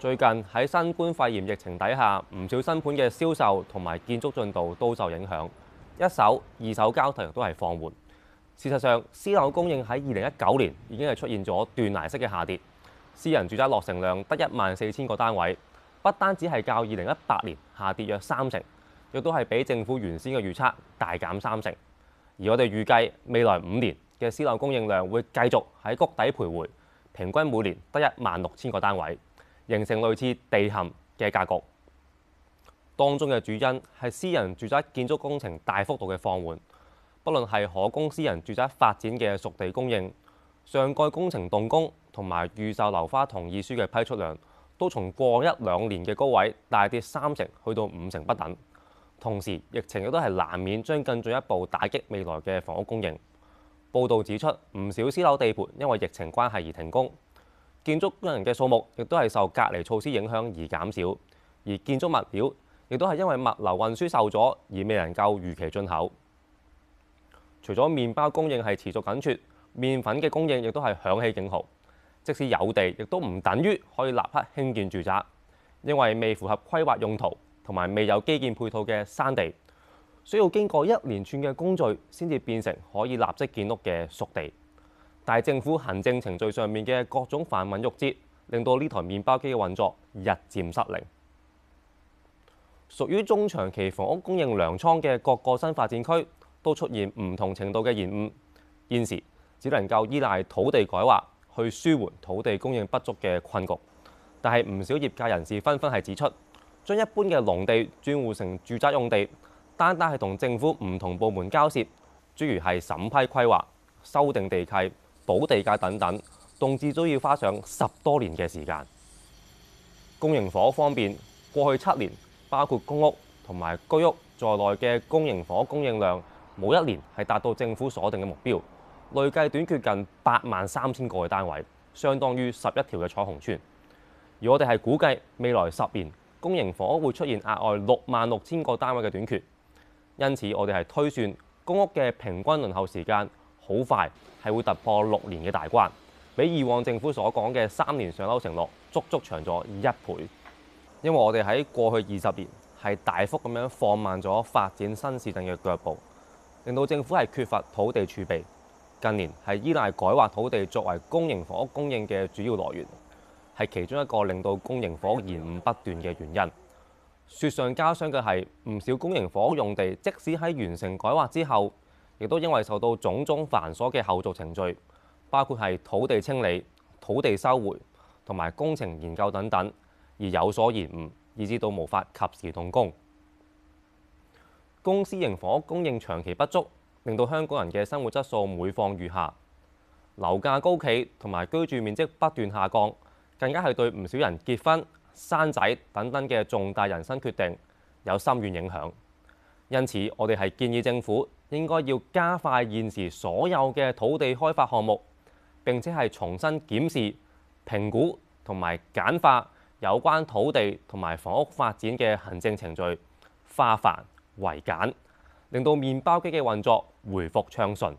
最近喺新冠肺炎疫情底下，唔少新盤嘅銷售同埋建築進度都受影響，一手、二手交投都係放緩。事實上，私樓供應喺二零一九年已經係出現咗斷崖式嘅下跌，私人住宅落成量得一萬四千個單位，不單止係較二零一八年下跌約三成，亦都係比政府原先嘅預測大減三成。而我哋預計未來五年嘅私樓供應量會繼續喺谷底徘徊，平均每年得一萬六千個單位。形成類似地陷嘅格局，當中嘅主因係私人住宅建築工程大幅度嘅放緩，不論係可供私人住宅發展嘅熟地供應、上蓋工程動工同埋預售樓花同意書嘅批出量，都從過往一兩年嘅高位大跌三成去到五成不等。同時，疫情亦都係難免將更進一步打擊未來嘅房屋供應。報導指出，唔少私樓地盤因為疫情關係而停工。建築工人嘅數目亦都係受隔離措施影響而減少，而建築物料亦都係因為物流運輸受阻而未能夠如期進口。除咗麵包供應係持續緊缺，麵粉嘅供應亦都係響起警號。即使有地，亦都唔等於可以立刻興建住宅，因為未符合規劃用途同埋未有基建配套嘅山地，需要經過一連串嘅工序先至變成可以立即建屋嘅熟地。係，政府行政程序上面嘅各種繁文縟節令到呢台麵包機嘅運作日漸失靈。屬於中長期房屋供應糧倉嘅各個新發展區都出現唔同程度嘅延誤，現時只能夠依賴土地改劃去舒緩土地供應不足嘅困局。但係唔少業界人士紛紛係指出，將一般嘅農地轉換成住宅用地，單單係同政府唔同部門交涉，諸如係審批規劃修訂地契，土地價等等，動至都要花上十多年嘅時間。公營房屋方面，過去七年，包括公屋同埋居屋在內嘅公營房屋供應量，冇一年係達到政府所定嘅目標，累計短缺近八萬三千個單位，相當於十一條嘅彩虹邨。而我哋係估計未來十年公營房屋會出現額外六萬六千個單位嘅短缺，因此我哋係推算公屋嘅平均輪候時間。好快，係會突破六年嘅大關，比以往政府所講嘅三年上樓承諾足足長咗一倍。因為我哋喺過去二十年係大幅咁樣放慢咗發展新市鎮嘅腳步，令到政府係缺乏土地儲備，近年係依賴改劃土地作為公營房屋供應嘅主要來源，係其中一個令到公營房屋延誤不斷嘅原因。雪上加霜嘅係唔少公營房屋用地，即使喺完成改劃之後。亦都因為受到種種繁瑣嘅後續程序，包括係土地清理、土地收回同埋工程研究等等，而有所延誤，以至到無法及時動工。公私營房屋供應長期不足，令到香港人嘅生活質素每況愈下，樓價高企同埋居住面積不斷下降，更加係對唔少人結婚、生仔等等嘅重大人生決定有深遠影響。因此，我哋係建議政府應該要加快現時所有嘅土地開發項目，並且係重新檢視、評估同埋簡化有關土地同埋房屋發展嘅行政程序，化繁為簡，令到麵包機嘅運作恢復暢順。